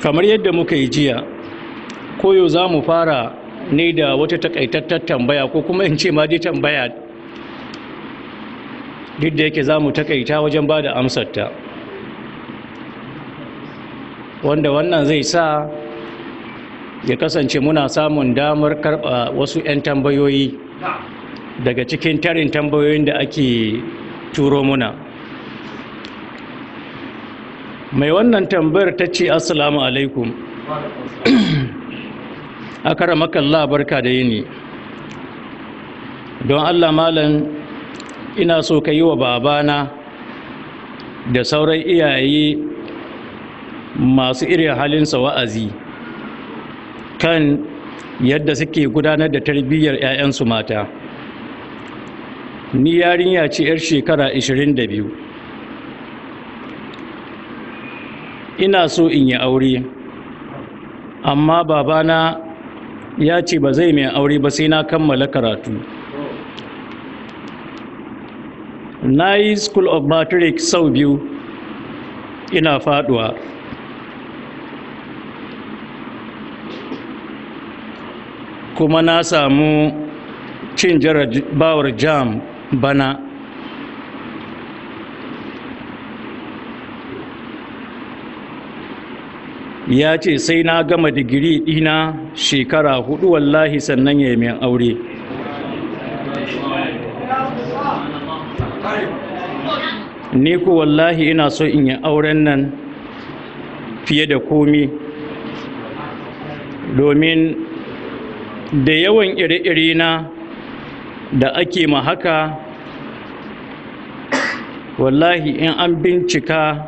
kamar yadda muka yi jiya koyo za mu fara ne da wata takaitattar tambaya ko kuma in ce ma dai tambaya duk da yake za mu takaita wajen ba da amsarta wanda wannan zai sa ya kasance muna samun damar karɓa wasu 'yan tambayoyi daga cikin tarin tambayoyin da ake turo muna mai wannan tambayar ta ce assalamu alaikum a karamakalla barka da yini don allah malam ina so ka yi wa babana da sauran iyaye masu irin halinsa wa'azi kan yadda suke gudanar da tarbiyyar 'ya'yansu mata ni yarinya ce 'yar shekara 22 ina so in yi aure amma babana ya ce ba zai mai aure ba sai na kammala karatu na yi school of matric sau biyu ina faduwa kuma na samu cin jarabawar jam bana ya ce sai na gama digiri dina shekara hudu wallahi sannan ya min aure ni ku wallahi ina so in yi auren nan fiye da komi domin da yawan iri-iri na da ake ma haka wallahi in an bincika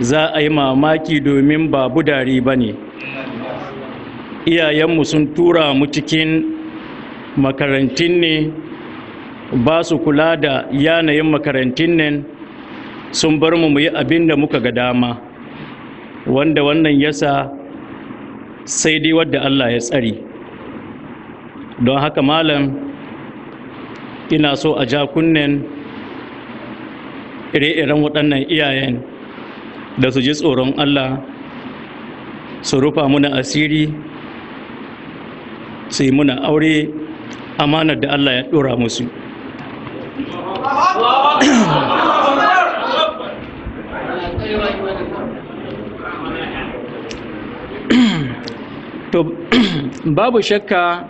za a yi mamaki domin ba budari ba ne iyayenmu sun tura mu cikin makarantun ne ba su kula da yanayin makarantun nan sun bar mu mu yi abin da muka ga dama wanda wannan yasa sai dai wadda Allah ya tsari don haka malam ina so a ja kunnen ire-iren waɗannan iyayen da su ji tsoron Allah su rufa muna asiri su yi muna aure amanar da Allah ya ɗora musu to babu shakka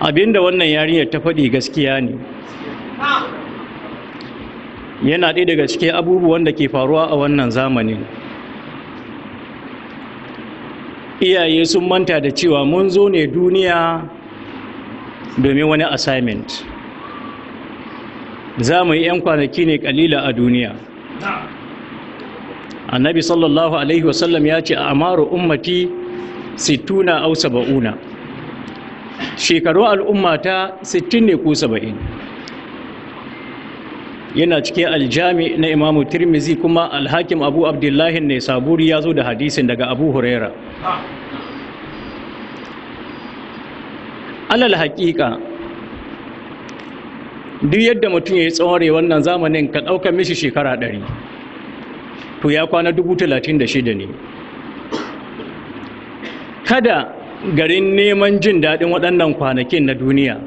abinda wannan yarinyar ta faɗi gaskiya ne yana ɗaya daga cikin abubuwan da ke faruwa a wannan zamanin. iyaye sun manta da cewa mun zo ne duniya domin wani assignment za mu yi 'yan kwanaki ne kalila a duniya annabi sallallahu alaihi wasallam ya ce a amaru ummati situna au saba'una shekaru al'ummata sittin ne ko saba'in yana cikin aljami na imamu tirmizi kuma alhakim abu abdullahi ne saburi ya zo da hadisin daga abu huraira alal haƙiƙa duk yadda mutum ya yi tsawon wannan zamanin ka ɗaukar mishi shekara ɗari to ya kwana dubu talatin da shida ne kada garin neman jin daɗin waɗannan kwanakin na duniya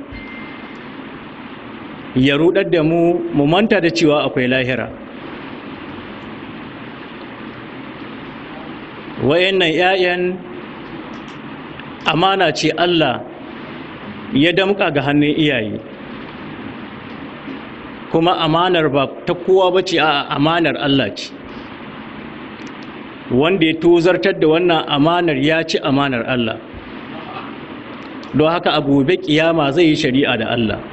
ya rudar da mu mu manta da cewa akwai lahira wayannan 'ya'yan amana ce Allah ya damƙa ga hannun iyaye kuma amanar ba ta kowa bace a amanar Allah ce wanda ya tozartar da wannan amanar ya ci amanar Allah don haka abu bai kiyama zai yi shari'a da Allah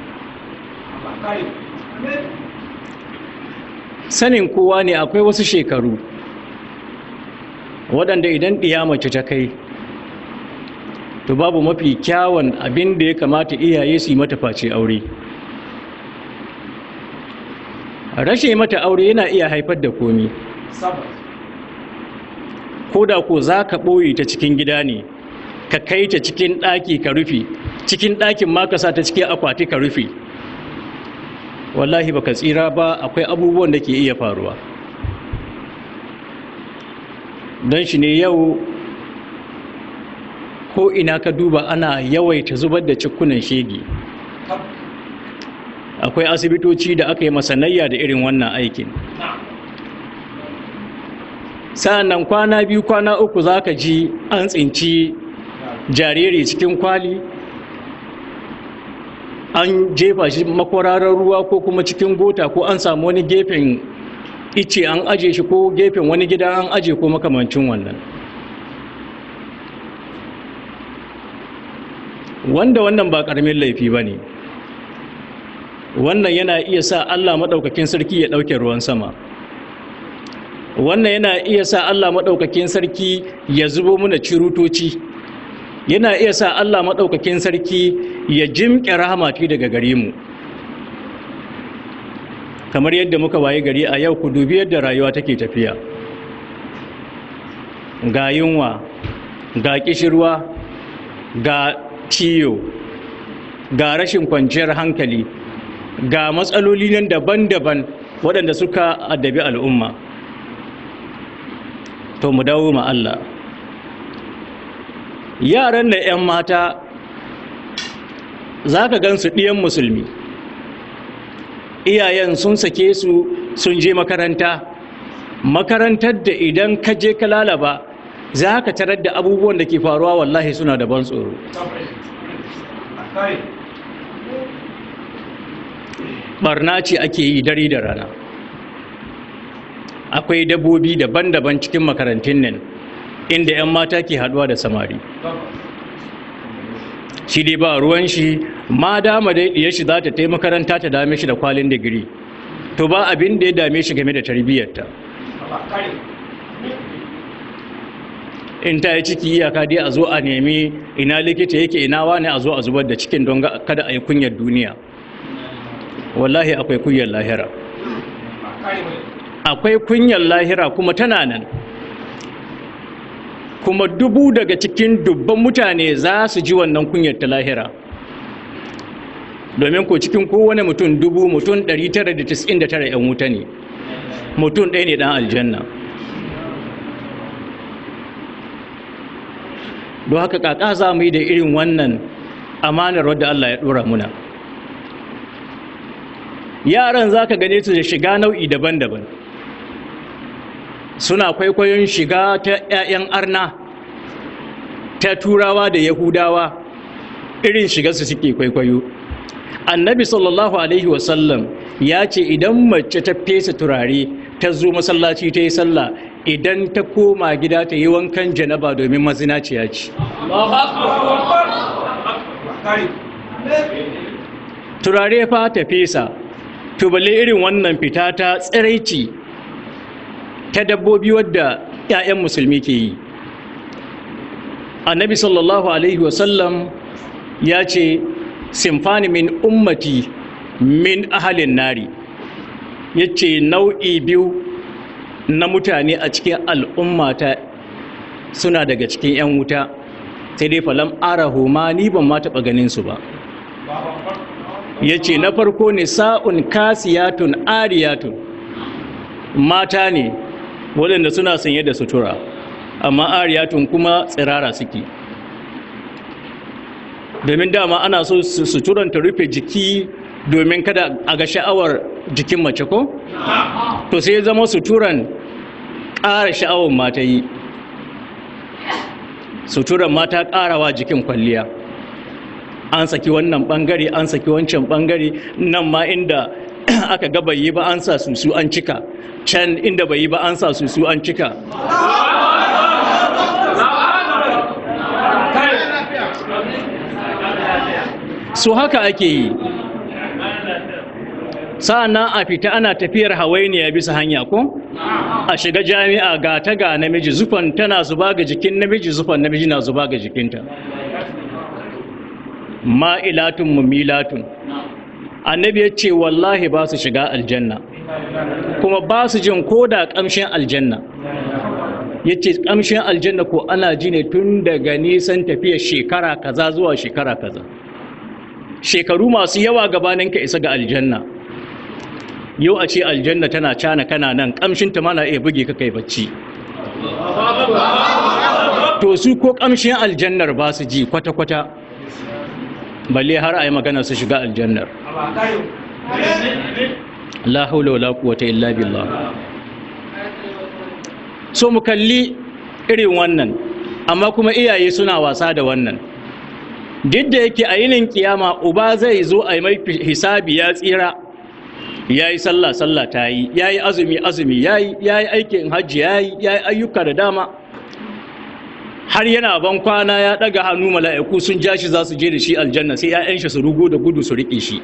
sanin kowa ne akwai wasu shekaru waɗanda idan mace ta kai to babu mafi kyawun abin da ya kamata iyaye su yi mata face aure rashe mata aure yana iya haifar da komi ko da ko za ka ɓoye ta cikin gida ne ka kai ta cikin ɗaki ka rufe cikin ɗakin makasa ta cikin akwati ka rufe wallahi baka tsira ba akwai abubuwan da ke iya faruwa don shi ne yau ko ina ka duba ana yawaita zubar da cikunan shege akwai asibitoci da aka yi masanayya da irin wannan aikin sa'annan kwana biyu kwana uku za ka ji an tsinci jariri cikin kwali an jefa shi makwararar ruwa ko kuma cikin gota ko an samu wani gefen ice an aje shi ko gefen wani gida an aje ko makamancin wannan wanda wannan ba ƙaramin laifi ba ne wannan yana iya sa allah maɗaukakin sarki ya ɗauke ruwan sama wannan yana iya sa allah maɗaukakin sarki ya zubo mana cirutoci yana iya sa allah maɗaukakin sarki ya jimƙe rahama ki daga gare mu kamar yadda muka waye gari a yau ku dubi yadda rayuwa take tafiya ga yunwa ga kishirwa ga ciyo ga rashin kwanciyar hankali ga matsaloli nan daban-daban waɗanda suka addabi al'umma to mu dawo ma Allah yaran da 'yan mata za ka gan su ɗiyan musulmi iyayen sun sake su sun je makaranta makarantar da idan ka je ka lalaba za ka tarar da abubuwan da ke faruwa wallahi suna da ban tsoro barna ce ake yi dare da rana akwai dabbobi daban-daban cikin makarantun nan inda 'yan mata ke haɗuwa da samari shi dai ba ruwan shi ma dama dai diyar shi za ta taimaka makaranta ta dame shi da kwalin digiri to ba abin da ya dame shi game da tarbiyyarta in ta yi ciki iyaka dai a zo a nemi ina likita yake ina wani a zo a zubar da cikin don kada a yi kunyar duniya wallahi akwai kunyar lahira akwai kunyar lahira kuma tana nan kuma dubu daga cikin dubban mutane za su ji wannan kunyar ta lahira domin ko cikin kowane mutum dubu mutum 999 'yan wuta ne mutum ɗaya ne ɗan aljanna don haka kaka za mu yi da irin wannan amanar wadda Allah ya ɗora muna yaran za ka gane su da shiga nau'i daban-daban suna kwaikwayon shiga ta 'ya'yan arna ta turawa da yahudawa irin shigarsu suke kwaikwayo annabi sallallahu alaihi wasallam ya ce idan mace ta fesa turare ta zo masallaci ta yi sallah idan ta koma gida ta yi wankan janaba domin mazinaciya ce turare fa ta fesa tubale irin wannan fita ta tsiraici ta dabbobi wadda 'ya'yan musulmi ke yi annabi sallallahu alaihi wasallam ya ce simfani min ummati min ahalin nari ya ce nau'i biyu na mutane a cikin al'ummata suna daga cikin 'yan wuta sai dai falam arahu ma ni ban ma taɓa ganinsu ba ya ce na farko ne sa'un kasiyatun ariyatun mata ne waɗanda suna sanye da sutura amma ariyatun kuma tsirara suke domin dama ana so suturan ta rufe jiki domin kada a ga sha'awar jikin mace ko to sai zama suturan ƙara sha'awar mata yi suturan mata ƙarawa jikin kwalliya an saki wannan bangare an saki wancan bangare nan ma inda aka ga bai yi ba an sa susu an cika can inda bai yi ba an sa susu an cika su haka ake yi sa'annan a fita ana tafiyar hawainiya bisa hanya ko a shiga jami'a ga ta ga namiji zufan tana zuba ga jikin namiji zufan namiji na zuba ga jikinta ma'ilatun milatun annabi ya ce wallahi ba su shiga aljanna kuma ba su jin ko da ƙamshin aljanna ya ce ƙamshin aljanna ko ana ji ne tun daga nisan tafiya shekara kaza zuwa shekara kaza shekaru masu yawa gabanin ka isa ga aljanna yau a ce aljanna tana cana kana nan ƙamshin ta mana iya buge ka kai bacci to su ko ƙamshin aljannar ba su ji kwata-kwata balle har a yi magana su shiga aljannar la haula wala quwwata illa billah so mu kalli irin wannan amma kuma iyaye suna wasa da wannan duk da yake a yinin kiyama uba zai zo a mai hisabi ya tsira ya yi sallah sallah ta yi ya yi azumi azumi ya yi aikin hajji ya yi ayyuka da dama har yana ban kwana ya daga hannu mala'iku sun ja shi za su je da shi aljanna sai 'ya'yan shi su rugo da gudu su riƙe shi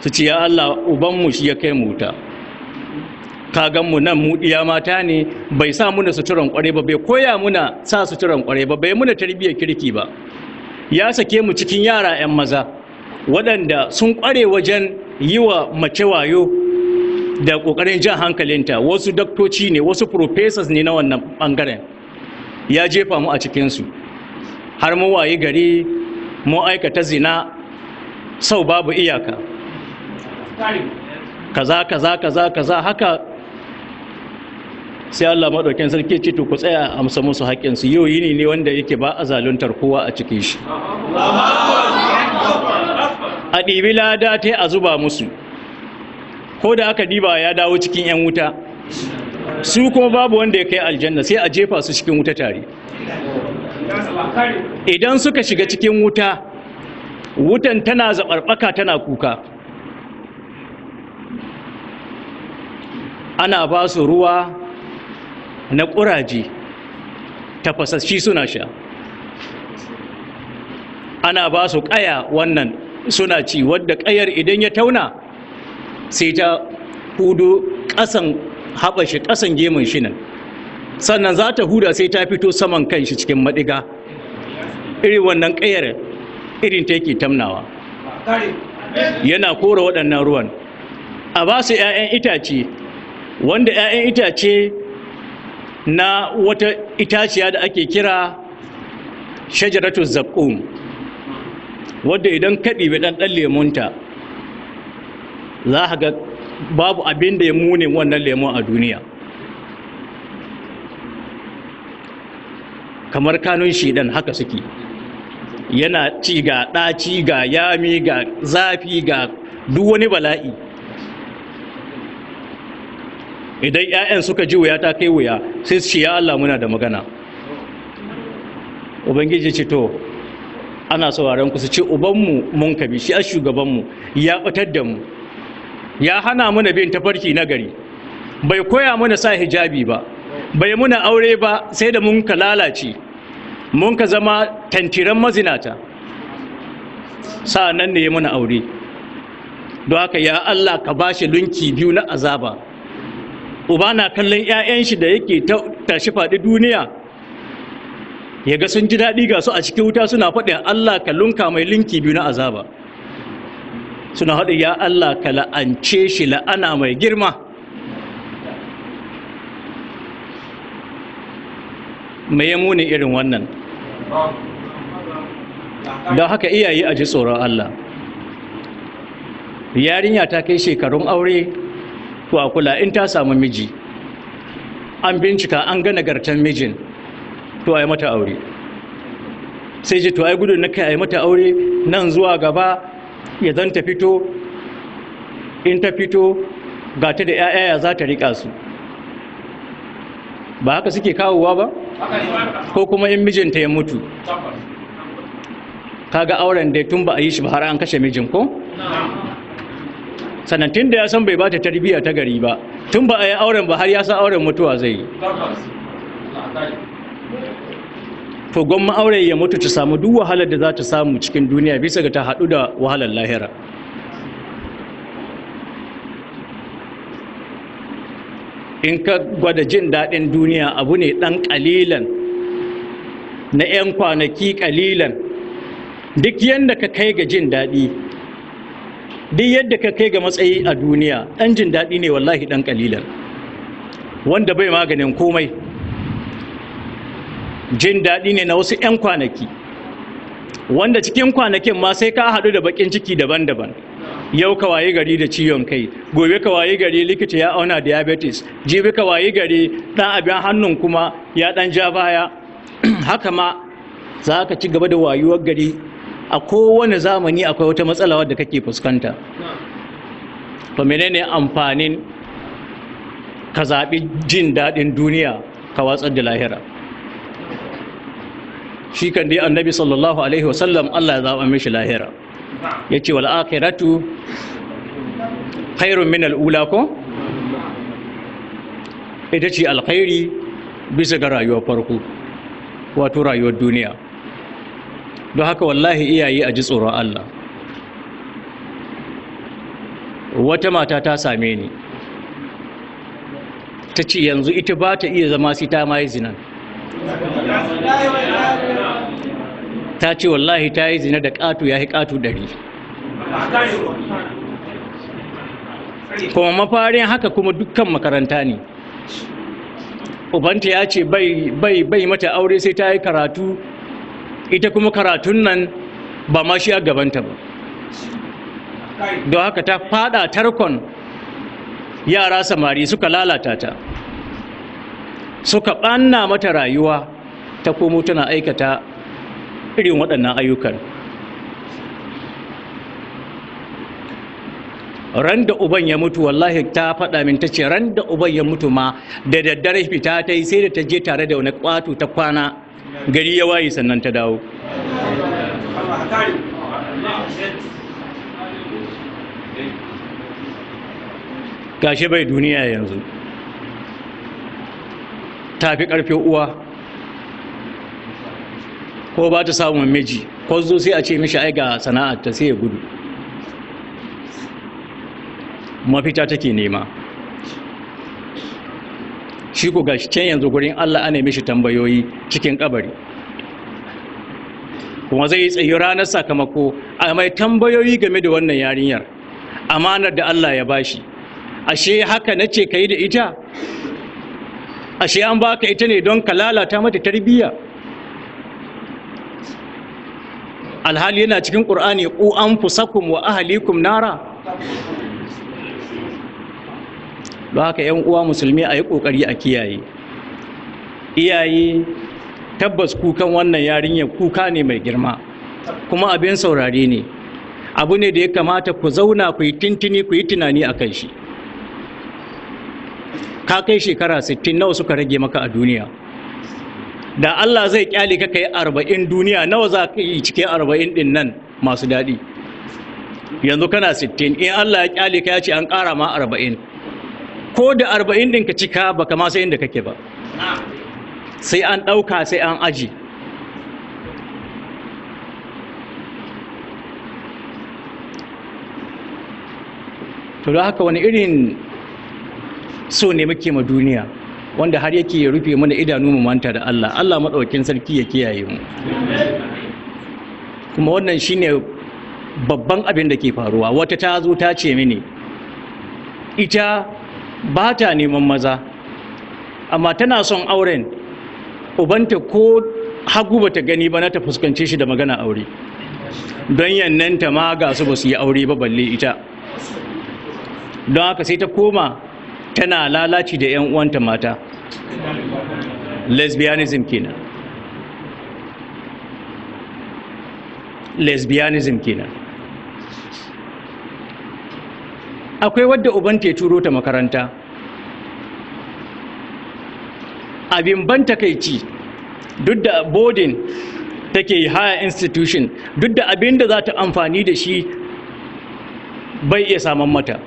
su ce ya Allah ubanmu shi ya kai muta kaganmu nan mu iya mata ne bai sa muna suturan kware ba bai koya muna sa suturan kware ba bai muna tarbiyyar kirki ba ya sake mu cikin yara 'yan maza waɗanda sun kware wajen yi wa mace wayo da kokarin jan hankalinta wasu daktoci ne wasu professors ne na wannan bangaren ya jefa mu a cikinsu har mu waye gari mu aikata zina sau babu iyaka kaza kaza kaza kaza haka sai Allah maɗaukin sarki ce to ku tsaya amsa musu su yau yini ne wanda yake ba a zaluntar kowa a cikin shi a ɗibi lada ta yi a zuba musu ko da aka diba ya dawo cikin 'yan wuta su kuma babu wanda ya kai aljanna sai a jefa su cikin wuta tare idan suka shiga cikin wuta wutan tana zaɓarɓaka tana kuka ana ba su ruwa na ƙuraje tafasasshi suna sha ana ba su ƙaya wannan suna ci wadda ƙayar idan ya tauna sai ta hudu ƙasan haɓa kasan ƙasan gemun shi nan sannan za ta huda sai ta fito saman kan cikin maɗiga irin wannan ƙayar irin ta yake tamnawa yana kora waɗannan ruwan a ba su 'ya'yan itace wanda 'ya'yan itace na wata itaciya da ake kira shajaratu zakum wadda idan kaɗi ɗan ɗanɗan lemunta za a ga babu abin da ya mune wannan lemon a duniya kamar kanun shidan haka suke yana ci ga ɗaci ga yami ga zafi ga duk wani bala'i idan 'ya'yan suka ji wuya ta kai wuya sai su ce ya Allah muna da magana ubangiji ce to ana sauraron ku su ce ubanmu mun kabi shi a shugabanmu ya batar da mu ya hana mana bin tafarki na gari bai koya mana sa hijabi ba bai muna aure ba sai da mun ka lalace mun ka zama tantiran mazinata sa'annan ne ya muna aure don haka ya Allah ka bashi lunki biyu na azaba uba na kallon 'ya'yan shi da yake tashi faɗi duniya ya ga sun ji daɗi ga su a cikin wuta suna faɗin Allah ka lunka mai linki biyu na azaba suna haɗu ya Allah ka la'ance shi la'ana mai girma mai ya muni irin wannan don haka iyaye a ji tsoron Allah yarinya ta kai shekarun aure to a kula in ta samu miji an bincika an ga nagartan mijin to a mata aure sai ji to ai gudu na kai a mata aure nan zuwa gaba ya zan ta fito in ta fito ga ta da 'ya'ya za ta riƙa su ba haka suke kawowa ba ko kuma in mijinta ya mutu kaga auren dai tun ba a yi shi ba har an kashe mijin ko da ya san bai ba ta tarbiyya ta gari ba tun ba a yi auren ba har ya san auren mutuwa zai yi to gwan ma'aure ya mutu ta samu duk wahalar da za ta samu cikin duniya bisa ga ta haɗu da wahalar lahira in ka gwada jin daɗin duniya abu ne ɗan ƙalilan na 'yan kwanaki ƙalilan duk yadda ka kai ga jin daɗi duk yadda ka kai ga matsayi a duniya ɗan jin daɗi ne wallahi ɗan ƙalilan wanda bai maganin komai jin daɗi ne na wasu 'yan kwanaki wanda cikin kwanakin ma sai ka haɗu da bakin ciki daban-daban yau ka waye gari da ciwon kai gobe ka waye gari likita ya auna diabetes jibi ka waye gari ɗan abin hannun kuma ya ɗan ja baya haka ma za ka ci gaba da wayuwar gari a kowane zamani akwai wata matsala wadda kake fuskanta to menene amfanin ka zaɓi jin daɗin duniya ka watsar da lahira shi kan dai annabi sallallahu alaihi wasallam Allah ya zaba mishi lahira yace wal akhiratu khairun min al ko ita ce alkhairi bisa ga rayuwar farko wato rayuwar duniya don haka wallahi iyaye a ji tsoron Allah wata mata ta same ni ta ce yanzu ita ba ta iya zama sai ta mai zinan ta ce wallahi ta yi zina da ƙatu ya yi ƙatu ɗari kuma mafarin haka kuma dukkan makaranta ne ubanta ya ce bai mata aure sai ta yi karatu ita kuma karatun nan ba ma shi a gabanta ba don haka ta fada tarkon yara samari suka lalata ta suka ɓanna mata rayuwa ta komo tana aikata irin waɗannan ayyukan ran da uban ya mutu wallahi ta faɗa min ta ce ran da uban ya mutu ma da daddare fita ta yi sai da ta je tare da wani ƙwato ta kwana gari ya waye sannan ta dawo gashi bai duniya yanzu ta fi ƙarfe uwa ko ba ta samun miji ko zo sai a ce mishi ai ga sana'ar ta sai ya gudu mafita take nema shi ko gashi can yanzu gurin Allah ana mishi tambayoyi cikin kabari kuma zai tsayi ranar sakamako a mai tambayoyi game da wannan yarinyar amanar da Allah ya bashi ashe haka nace kai da ita ashe an baka ita ne don ka lalata mata tarbiyya alhali yana cikin ƙur'ani ku an fusakum wa ahalikum nara ba haka yan uwa musulmi a yi ƙoƙari a kiyaye iyaye tabbas kukan wannan yarinyar kuka ne mai girma kuma abin saurare ne abu ne da ya kamata ku zauna ku yi tintini ku yi tunani a kan shi ka kai shekara 60 nawa suka rage maka a duniya da Allah zai kyale ka kai arba'in duniya nawa za ka yi cikin arba'in din nan masu daɗi yanzu kana sittin in Allah ya kyale ka ya ce an ƙara ma arba'in ko da arba'in din ka cika ba kama sai inda kake ba sai an ɗauka sai an aji to da haka wani irin so ne muke ma duniya wanda har yake ya rufe mana idanu mu manta da Allah Allah madaukakin sarki ya kiyaye mu kuma wannan shine babban abin da ke faruwa wata ta zo ta ce mini ita ba ta neman maza amma tana son auren ubanta ko hagu ba ta gani ba na ta fuskance shi da magana aure don yannanta ma ga su ba su yi aure ba balle ita don haka sai ta koma tana lalaci da 'yan uwanta mata lesbianism kenan lesbianism kenan akwai wadda uban ya turo ta makaranta abin ban takaici duk da bodin take yi higher institution duk da abin da za ta amfani da shi bai iya saman mata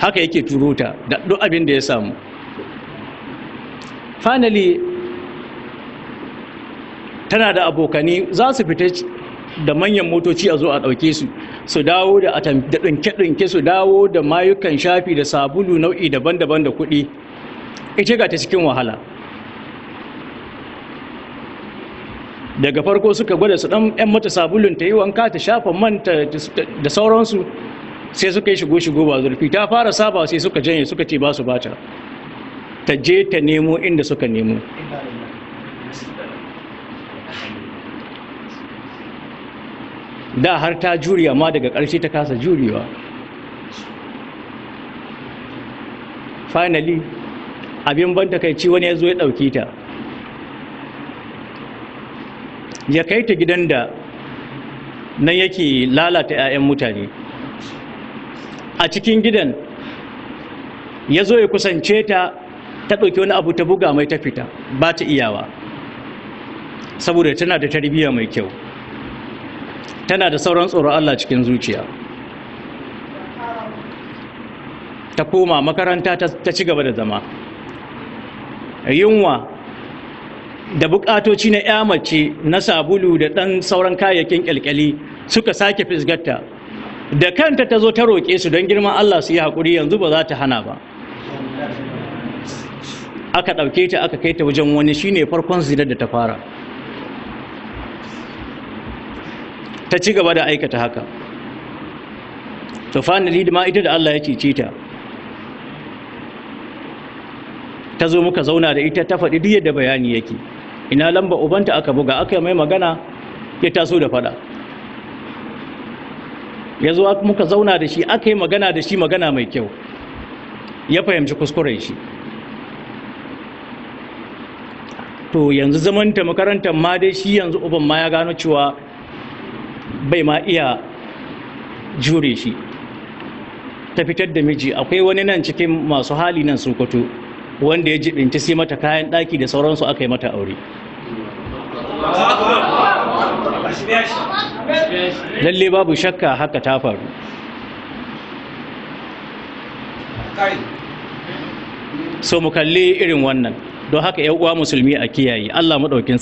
haka yake turo ta da duk abin da ya samu finally tana da abokani za su fita da manyan motoci a zo a ɗauke su su dawo da ɗinke-ɗinke su dawo da mayukan shafi da sabulu nau'i daban-daban da kuɗi ita ga ta cikin wahala daga farko suka gwada su ɗan 'yan mata sabulun ta yi wanka ta shafa manta da sauransu sai suka yi shigo shigo ba zurfi ta fara saba sai suka janye suka ce ba su bata ta je ta nemo inda suka nemo da har ta juriya amma daga ƙarshe ta kasa jurewa finally abin ban takaici wani ya zo ya ɗauki ta ya kai ta gidan da nan yake lalata 'ya'yan mutane a cikin gidan ya zo ya kusance ta ta ɗauki wani abu ta buga mai ta fita ba ta iyawa saboda tana da tarbiyya mai kyau tana da sauran tsoron Allah cikin zuciya ta koma makaranta ta ci gaba da zama yunwa da bukatoci na ya mace na sabulu da ɗan sauran kayayyakin kyalkyali suka sake fisgarta da kanta ta zo ta roƙe su don girman Allah su yi haƙuri yanzu ba za ta hana ba aka ɗauke ta aka kai ta wajen wani shine farkon zinar da ta fara ta ci gaba da aikata haka Tufa finally lidima ita da Allah ya cece ta ta zo muka zauna da ita ta faɗi duk yadda bayani yake ina lamba ubanta aka buga aka yi mai magana ya taso da faɗa ya zo muka zauna da shi aka yi magana da shi magana mai kyau ya fahimci kuskuren shi to yanzu zamanta makarantar ma dai shi yanzu uban ma ya gano cewa bai ma iya jure shi ta fitar da miji akwai wani nan cikin masu hali nan sokoto wanda ya jibinci sai mata kayan ɗaki da sauransu aka yi mata aure lalle babu shakka haka ta faru so mu kalli irin wannan don haka uwa musulmi a kiyaye Allah maɗaukin